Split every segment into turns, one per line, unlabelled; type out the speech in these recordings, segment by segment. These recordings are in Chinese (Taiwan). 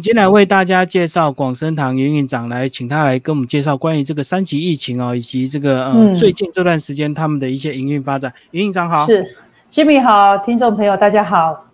今天來為大家介紹廣生堂營運長，來請他來跟我們介紹關於這個三級疫情哦，以及這個、呃、最近這段時間他們的一些營運發展。營運長好，是
Jimmy 好。聽眾朋友大家好。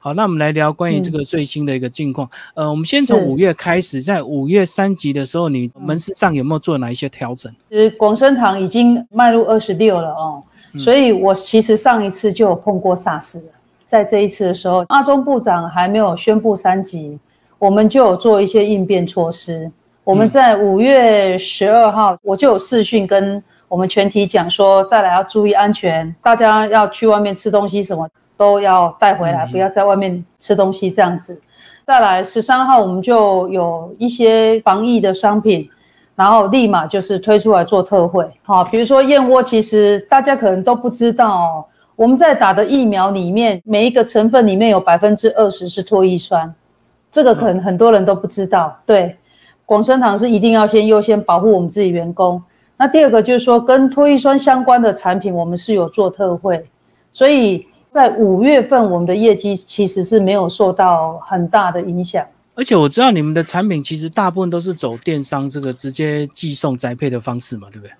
好，那我們來聊關於這個最新的一個近況。呃，我們先從五月開始，在五月三級的時候，你門市上有沒有做哪一些調整？
呃，廣生堂已經邁入二十六了哦，所以我其實上一次就有碰過 SARS，在這一次的時候，阿中部長還沒有宣布三級。我們就有做一些應變措施。我們在五月十二號，我就有視訊跟我們全體講說，再來要注意安全，大家要去外面吃東西，什麼都要帶回來，不要在外面吃東西這樣子。再來十三號，我們就有一些防疫的商品，然後立馬就是推出來做特惠，好，比如說燕窩，其實大家可能都不知道哦，我們在打的疫苗裡面，每一個成分裡面有百分之二十是唾液酸。這個可能很多人都不知道，對，廣生堂是一定要先優先保護我們自己員工。那第二個就是說，跟脫衣酸相關的產品，我們是有做特惠，所以在五月份我們的業績其實是沒有受到很大的影響。
而且我知道你們的產品其實大部分都是走電商這個直接寄送宅配的方式嘛，對不對？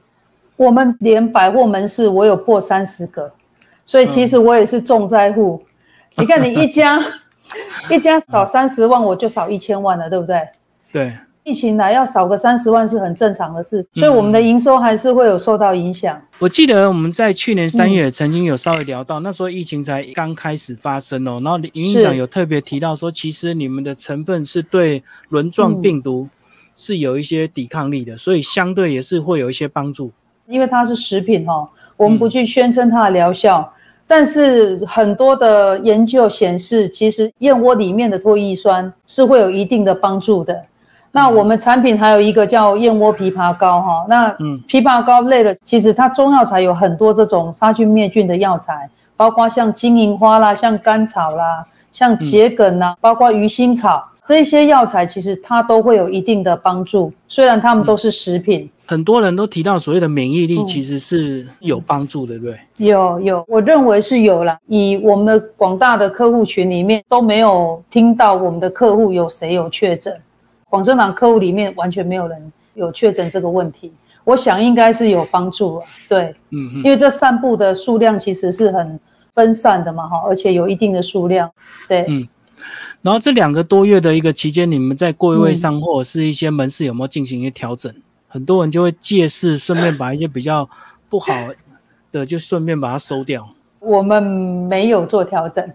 我們連百貨門市我有破三十個，所以其實我也是重災戶，嗯。你看你一家。 一家少三十萬，我就少一千萬了，對不對？對，疫情來要少個三十萬是很正常的事，嗯，所以我們的營收還是會有受到影響。
我記得我們在去年三月曾經有稍微聊到，嗯，那時候疫情才剛開始發生哦，然後營運長有特別提到說，其實你們的成分是對輪狀病毒是有一些抵抗力的，嗯、所以相對也是會有一些幫助。
因為它是食品哈、哦，我們不去宣稱它的療效。嗯嗯但是很多的研究顯示，其實燕窩裡面的唾液酸是會有一定的幫助的、嗯。那我們產品還有一個叫燕窩枇杷膏，哈，那嗯，枇杷膏類的，其實它中藥材有很多這種殺菌滅菌的藥材，包括像金銀花啦，像甘草啦，像桔梗吶、啊嗯，包括魚腥草。這些藥材其實它都會有一定的幫助，雖然它們都是食品、嗯。
很多人都提到所謂的免疫力，其實是有幫助的，對不
對？有有，我認為是有了。以我們的廣大的客戶群裡面都沒有聽到我們的客戶有誰有確診，廣生堂客戶裡面完全沒有人有確診這個問題。我想應該是有幫助了、啊，對，嗯，因為這散布的數量其實是很分散的嘛，哈，而且有一定的數量，對，嗯。
然後這兩個多月的一個期間，你們在櫃位上或者是一些門市有沒有進行一些調整？很多人就會借勢，順便把一些比較不好的就、嗯嗯，就順便把它收掉。
我們沒有做調整、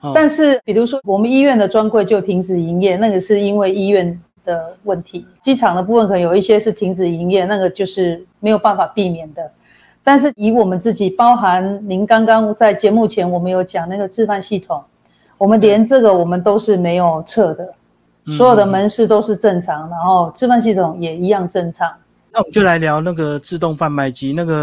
哦，但是
比如說我們醫院的專櫃就停止營業，那個是因為醫院的問題；機場的部分可能有一些是停止營業，那個就是沒有辦法避免的。但是以我們自己，包含您剛剛在節目前我們有講那個置辦系統。我們連這個我們都是沒有測的，
所有的門
市都是正常，然後支付系統也一樣正常，嗯。
嗯嗯、那我們就來聊那個自動販賣機，那個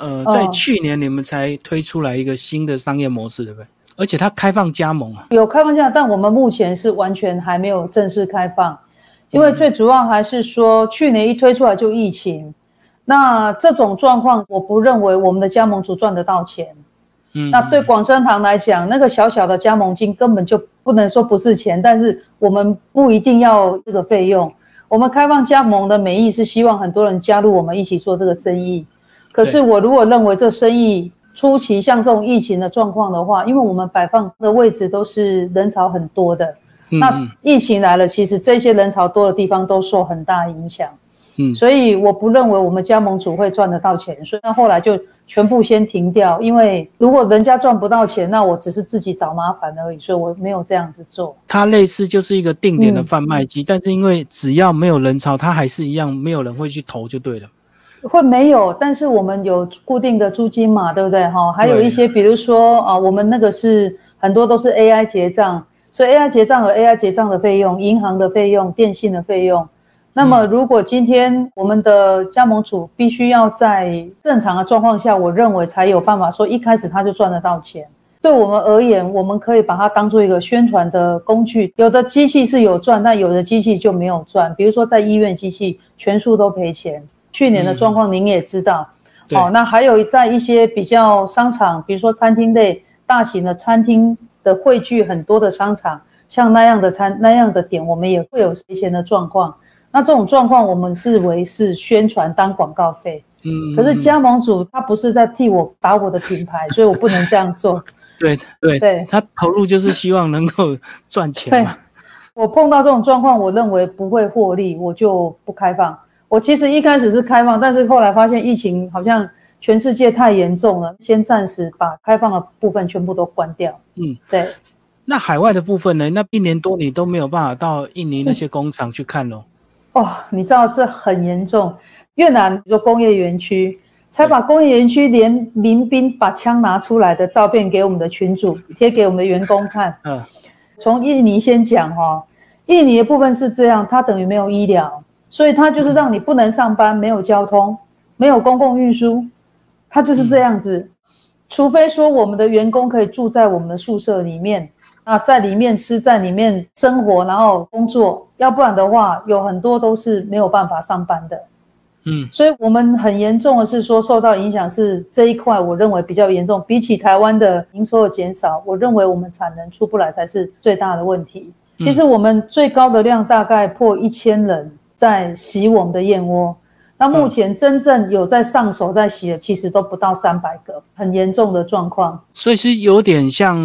呃，在去年你們才推出來一個新的商業模式，對不對？而且它開放加盟啊，
有開放加盟，但我們目前是完全還沒有正式開放，因為最主要還是說去年一推出來就疫情，那這種狀況，我不認為我們的加盟主賺得到錢。那對廣生堂來講，那個小小的加盟金根本就不能說不是錢，但是我們不一定要這個費用。我們開放加盟的美意是希望很多人加入我們一起做這個生意。
可是我
如果認為這生意初期像這種疫情的狀況的話，因為我們擺放的位置都是人潮很多的，那疫情來了，其實這些人潮多的地方都受很大影響。嗯、所以我不認為我們加盟主會賺得到錢，所以後來就全部先停掉。因為如果人家賺不到錢，那我只是自己找麻煩而已，所以我沒有這樣子做。
它類似就是一個定點的販賣機、嗯，但是因為只要沒有人潮，它還是一樣沒有人會去投就對了。
會沒有，但是我們有固定的租金嘛，對不對？哈，還有一些比如說啊，我們那個是很多都是 AI 結賬，所以 AI 結賬和 AI 結賬的費用、銀行的費用、電信的費用。那麼，如果今天我們的加盟主必須要在正常的狀況下，我認為才有辦法說一開始他就賺得到錢。對我們而言，我們可以把它當做一個宣傳的工具。有的機器是有賺，但有的機器就沒有賺。比如說，在醫院機器全數都賠錢。去年的狀況您也知道、嗯，好、哦，那還有在一些比較商場，比如說餐廳類、大型的餐廳的匯聚很多的商場，像那樣的餐那樣的點，我們也會有賠錢的狀況。那這種狀況，我們視為是宣傳當廣告費。嗯，
嗯。嗯、可是加
盟主他不是在替我打我的品牌， 所以我不能這樣做。對
對對，他投入就是希望能夠賺錢嘛。對，
我碰到這種狀況，我認為不會獲利，我就不開放。我其實一開始是開放，但是後來發現疫情好像全世界太嚴重了，先暫時把開放的部分全部都關掉。嗯，
對。那海外的部分呢？那一年多你都沒有辦法到印尼那些工廠去看嘍？
哦，你知道這很嚴重。越南，一個工業園區，才把工業園區連民兵把槍拿出來的照片給我們的群主貼給我們的員工看。嗯， 從印尼先講哈、哦，印尼的部分是這樣，它等於沒有醫療，所以它就是讓你不能上班，嗯、沒有交通，沒有公共運輸，它就是這樣子、嗯。除非說我們的員工可以住在我們的宿舍裡面。啊，在裡面吃，在裡面生活，然後工作，要不然的話，有很多都是沒有辦法上班的。嗯，所以我們很嚴重的是說受到影響是這一塊，我認為比較嚴重。比起台灣的營收減少，我認為我們產能出不來才是最大的問題。嗯，其實我們最高的量大概破一千人在洗我們的燕窩。那目前真正有在上手在洗的，其實都不到三百個，很嚴重的狀況。
所以是有點像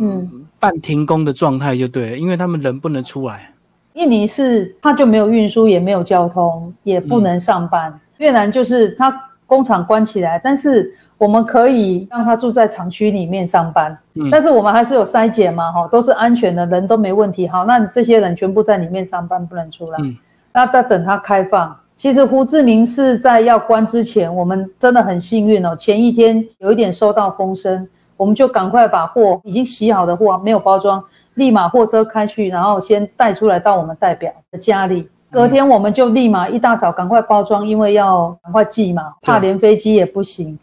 嗯，半停工的狀態就對了，因為他們人不能出來。
印尼是他就沒有運輸，也沒有交通，也不能上班。嗯、越南就是他工廠關起來，但是我們可以讓他住在廠區裡面上班。嗯，但是我們還是有篩檢嘛，哈，都是安全的人，都沒問題，好，那你這些人全部在裡面上班，不能出來，嗯、那在等他開放。其實胡志明市在要關之前，我們真的很幸運哦。前一天有一點收到風聲，我們就趕快把貨已經洗好的貨沒有包裝，立馬貨車開去，然後先帶出來到我們代表的家裡。隔天我們就立馬一大早趕快包裝，因為要趕快寄嘛，怕連飛機也不行。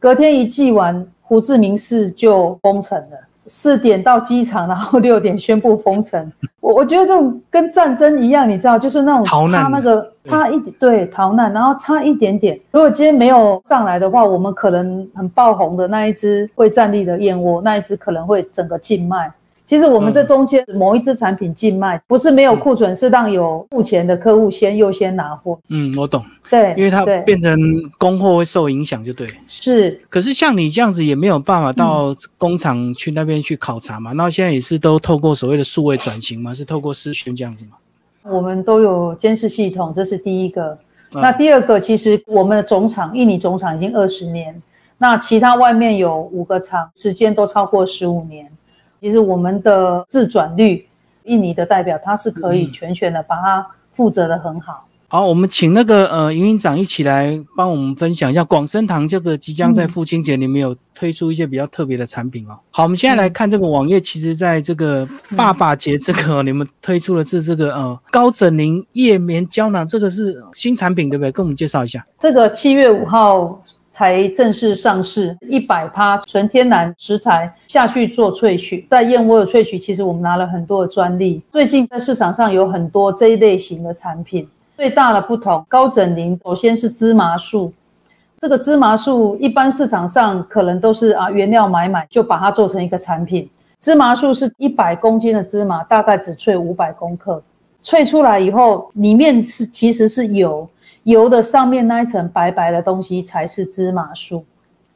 隔天一寄完，胡志明市就封城了。四點到機場，然後六點宣布封城。我 我覺得這種跟戰爭一樣，你知道，就是那種差那個逃難，差一點，對，對逃難，然後差一點點。如果今天沒有上來的話，我們可能很爆紅的那一隻會站立的燕窩，那一隻可能會整個禁賣。其實我們這中間某一隻產品禁賣，不是沒有庫存，嗯、是讓有目前的客戶先優先拿貨。嗯，
我懂。對,對，因為它變成供貨會受影響，就對。是，可是像你這樣子也沒有辦法到工廠去那邊去考察嘛。那、嗯、現在也是都透過所謂的數位轉型嘛，是透過視訊這樣子嘛。
我們都有監視系統，這是第一個。嗯、那第二個，其實我們的總廠印尼總廠已經二十年，那其他外面有五個廠，時間都超過十五年。其實我們的自轉率，印尼的代表他是可以全權的把它負責得很好。嗯
好，我們請那個呃，營運長一起來幫我們分享一下廣生堂這個即將在父親節裡面有推出一些比較特別的產品哦。嗯、好，我們現在來看這個網頁，其實在這個爸爸節這個，嗯、你們推出的是這個呃高枕寧夜眠膠囊，這個是新產品對不對？跟我們介紹一下。
這個七月五號才正式上市，一百趴純天然食材下去做萃取，在燕窩的萃取，其實我們拿了很多的專利。最近在市場上有很多這一類型的產品。最大的不同，高枕零，首先是芝麻素。這個芝麻素，一般市場上可能都是啊原料買買，就把它做成一個產品。芝麻素是一百公斤的芝麻，大概只萃五百公克，萃出來以後，裡面是其實是有油，油的，上面那一層白白的東西才是芝麻素，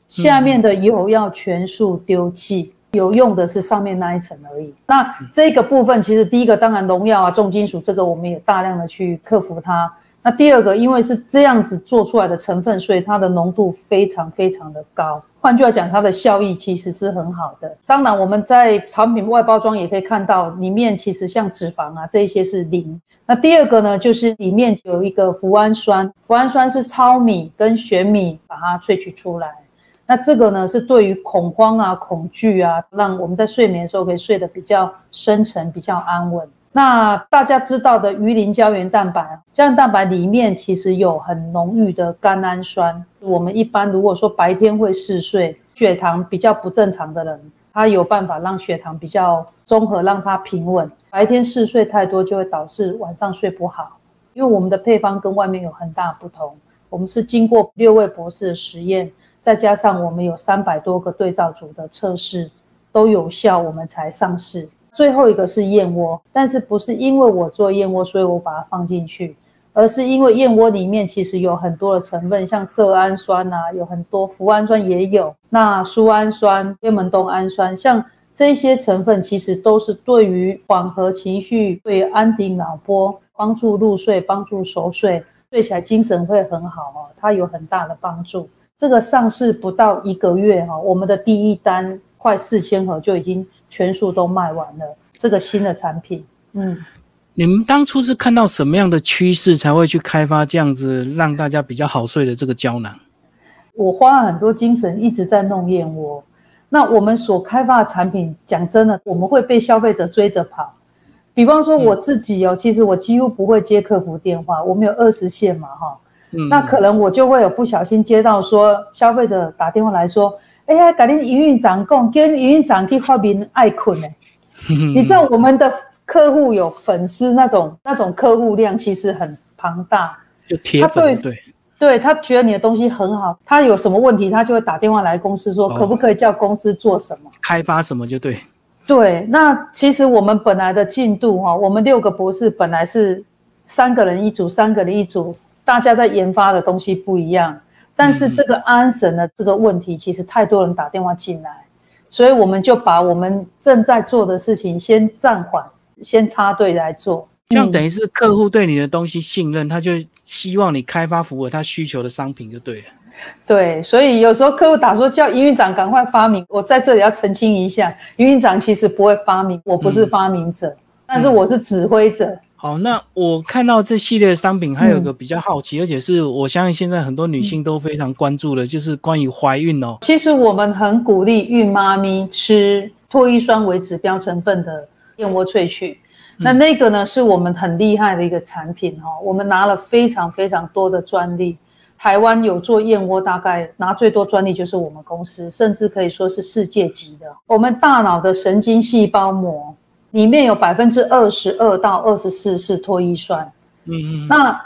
下面的油要全數丟棄。有用的是上面那一層而已。那這個部分，其實第一個當然農藥啊、重金屬，這個我們也大量的去克服它。那第二個，因為是這樣子做出來的成分，所以它的濃度非常非常的高。換句話講，它的效益其實是很好的。當然，我們在產品外包裝也可以看到，裡面其實像脂肪啊這些是零。那第二個呢，就是裡面有一個脯氨酸，脯氨酸是糙米跟玄米把它萃取出來。那這個呢，是對於恐慌啊、恐懼啊，讓我們在睡眠的時候可以睡得比較深沉、比較安穩。那大家知道的魚鱗膠原蛋白，膠原蛋白裡面其實有很濃郁的甘氨酸。我們一般如果說白天會嗜睡、血糖比較不正常的人，他有辦法讓血糖比較綜合，讓它平穩。白天嗜睡太多，就會導致晚上睡不好。因為我們的配方跟外面有很大不同，我們是經過六位博士的實驗。再加上我們有三百多個對照組的測試都有效，我們才上市。最後一個是燕窩，但是不是因為我做燕窩，所以我把它放進去，而是因為燕窩裡面其實有很多的成分，像色氨酸啊，有很多脯氨酸也有，那蘇氨酸、天門冬氨酸，像這些成分其實都是對於緩和情緒、對安定腦波、幫助入睡、幫助熟睡、睡起來精神會很好哦，它有很大的幫助。這個上市不到一個月哈、啊，我們的第一單快四千盒就已經全數都賣完了。這個新的產品，嗯，
你們當初是看到什麼樣的趨勢才會去開發這樣子讓大家比較好睡的這個膠囊？
我花了很多精神一直在弄燕窩。那我們所開發的產品，講真的，我們會被消費者追着跑。比方說我自己哦，嗯、其實我幾乎不會接客服電話。我們有二十線嘛，哈。嗯、那可能我就會有不小心接到說消費者打電話來說，哎呀，改天營運長講，跟營運長去發明愛睏、嗯、
你知道
我們的客戶有粉絲那種那種客戶量其實很龐大，就
貼對對，
對他覺得你的東西很好，他有什麼問題他就會打電話來公司說可不可以叫公司做什麼、哦、
開發什麼就對
對，那其實我們本來的進度哈、哦，我們六個博士本來是三個人一組，三個人一組。大家在研發的東西不一樣，但是這個安神的這個問題，其實太多人打電話進來，所以我們就把我們正在做的事情先暫緩，先插隊來做。就、
嗯、等於是客戶對你的東西信任，他就希望你開發符合他需求的商品，就對了。
對，所以有時候客戶打說叫營運長趕快發明，我在這裡要澄清一下，營運長其實不會發明，我不是發明者，嗯、但是我是指揮者。嗯
好、哦，那我看到這系列商品，還有一個比較好奇、嗯，而且是我相信現在很多女性都非常關注的、嗯，就是關於懷孕哦。
其實我們很鼓勵孕媽咪吃唾液酸為指標成分的燕窩萃取、嗯，那那個呢是我們很厲害的一個產品哈、哦，我們拿了非常非常多的專利。台灣有做燕窩，大概拿最多專利就是我們公司，甚至可以說是世界級的。我們大腦的神經細胞膜。裡面有百分之二十二到二十四是脫異酸，嗯嗯，那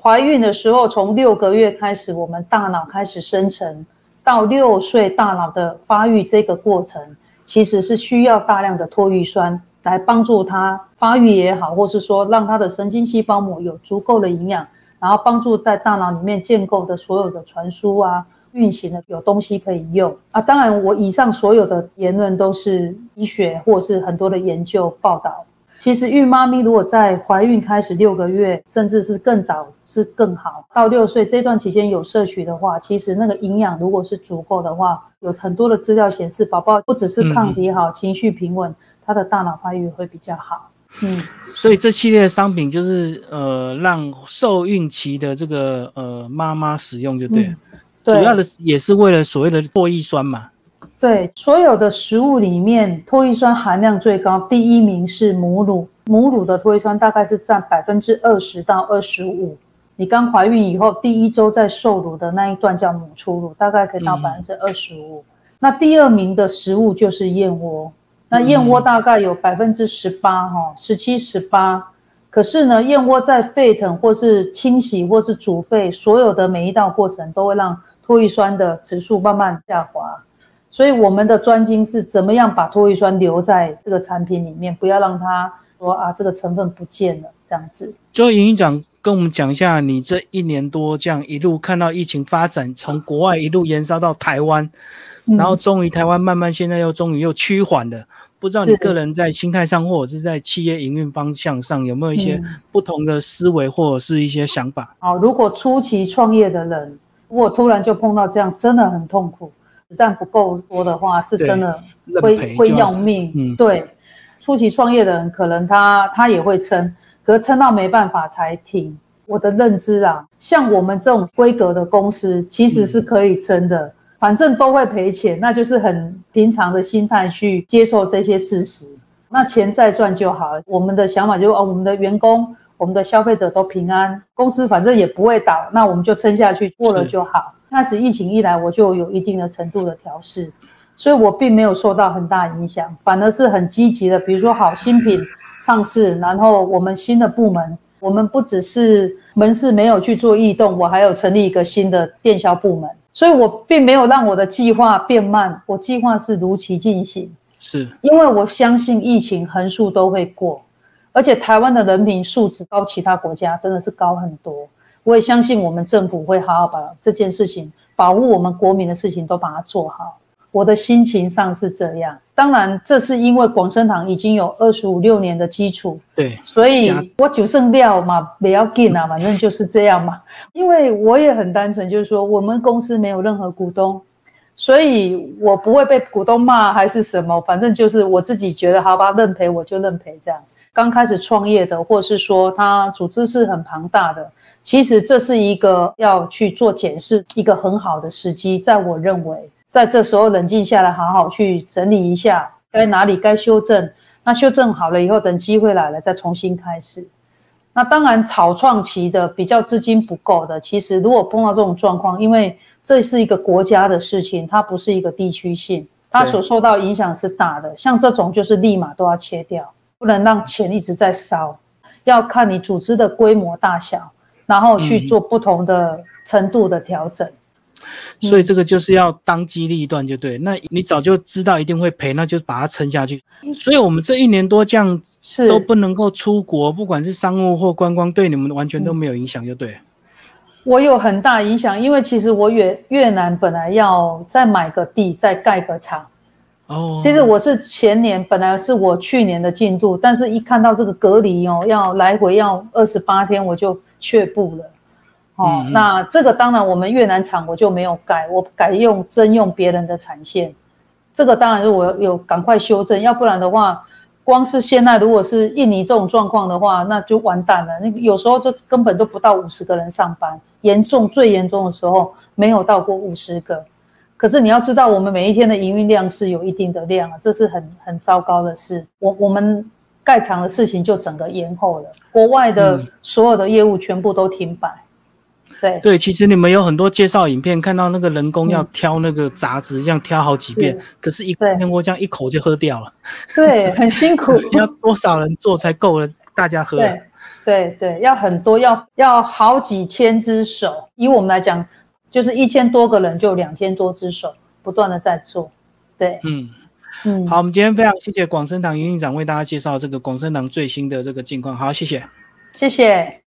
懷孕的時候，從六個月開始，我們大腦開始生成，到六歲大腦的發育這個過程，其實是需要大量的脫異酸來幫助他發育也好，或是說讓他的神經細胞膜有足夠的營養。然後幫助在大腦裡面建構的所有的傳輸啊、運行的有東西可以用啊。當然，我以上所有的言論都是醫學或是很多的研究報道。其實孕媽咪如果在懷孕開始六個月，甚至是更早是更好，到六歲這段期間有攝取的話，其實那個營養如果是足夠的話，有很多的資料顯示，寶寶不只是抗體好、嗯、情緒平穩，他的大腦發育會比較好。
嗯，所以這系列的商品就是呃，讓受孕期的這個呃媽媽使用就對了，嗯對，主要的也是為了所謂的唾液酸嘛。
對，所有的食物裡面唾液酸含量最高，第一名是母乳，母乳的唾液酸大概是占百分之二十到二十五。你剛懷孕以後第一周在受乳的那一段叫母初乳，大概可以到百分之二十五。那第二名的食物就是燕窩。那燕窩大概有百分之十八，哈，十七、十八。可是呢，燕窩在沸騰，或是清洗，或是煮沸，所有的每一道過程都會讓唾液酸的指數慢慢下滑。所以我們的專精是怎麼樣把唾液酸留在這個產品裡面，不要讓它說啊，這個成分不見了這樣子。
這位營運長跟我們講一下，你這一年多這樣一路看到疫情發展，從國外一路延燒到台灣。嗯然後終於台灣慢慢現在又終於又趨緩了，不知道你個人在心態上或者是在企業營運方向上有沒有一些不同的思維或者是一些想法？嗯，
好，如果初期創業的人，如果突然就碰到這樣，真的很痛苦，子彈不夠多的話，是真的會、就是、會要命、就是嗯。對，初期創業的人可能他他也會撐，可是撐到沒辦法才停。我的認知啊，像我們這種規格的公司其實是可以撐的。嗯反正都會賠錢，那就是很平常的心態去接受這些事實。那錢再賺就好了。我們的想法就是：哦，我們的員工、我們的消費者都平安，公司反正也不會倒，那我們就撐下去，過了就好。那時疫情一來，我就有一定的程度的調適，所以我並沒有受到很大影響，反而是很積極的。比如說好，好新品上市，然後我們新的部門，我們不只是門市沒有去做異動，我還有成立一個新的電銷部門。所以我並沒有讓我的計劃變慢，我計劃是如期進行，
是
因為我相信疫情橫豎都會過，而且台灣的人民素質高，其他國家真的是高很多。我也相信我們政府會好好把這件事情，保護我們國民的事情都把它做好。我的心情上是這樣。當然，這是因為廣生堂已經有二十五六年的基礎，對，所以我九剩料嘛不要進啊，反正就是這樣嘛。因為我也很單純，就是說我們公司沒有任何股東，所以我不會被股東罵還是什麼，反正就是我自己覺得好吧，認賠我就認賠這樣。剛開始創業的，或是說他組織是很龐大的，其實這是一個要去做檢視一個很好的時機，在我認為。在這時候冷靜下來，好好去整理一下，該哪裡該修正。那修正好了以後，等機會來了再重新開始。那當然，草創期的比較資金不夠的，其實如果碰到這種狀況，因為這是一個國家的事情，它不是一個地區性，它所受到影響是大的。像這種就是立馬都要切掉，不能讓錢一直在燒。要看你組織的規模大小，然後去做不同的程度的調整。嗯
所以這個就是要當機立斷，就對，嗯。那你早就知道一定會賠，那就把它撐下去。所以我們這一年多這樣是都不能夠出國，不管是商務或觀光，對，你們完全都沒有影響？就對。
我有很大影響，因為其實我越越南本來要再買個地，再蓋個廠。哦哦。其實我是前年本來是我去年的進度，但是一看到這個隔離哦，要來回要二十八天，我就卻步了。哦，那這個當然，我們越南廠我就沒有蓋，我改用徵用別人的產線。這個當然是我有趕快修正，要不然的話，光是現在如果是印尼這種狀況的話，那就完蛋了。那有時候就根本都不到五十個人上班，嚴重，最嚴重的時候沒有到過五十個。可是你要知道，我們每一天的營運量是有一定的量啊，這是很很糟糕的事。我我們蓋廠的事情就整個延後了，國外的所有的業務全部都停擺。嗯
對對，其實你們有很多介紹影片，看到那個人工要挑那個雜質這、嗯、樣挑好幾遍，嗯、可是，一片燕窩這樣一口就喝掉了。對，
呵呵對很
辛苦，要多少人做才夠了大家喝了？對
對對，要很多，要要好幾千隻手。以我們來講，就是一千多個人就兩千多隻手，不斷的在做。
對，嗯嗯，好，我們今天非常謝謝廣生堂營運長為大家介紹這個廣生堂最新的這個近況。好，謝謝，
謝謝。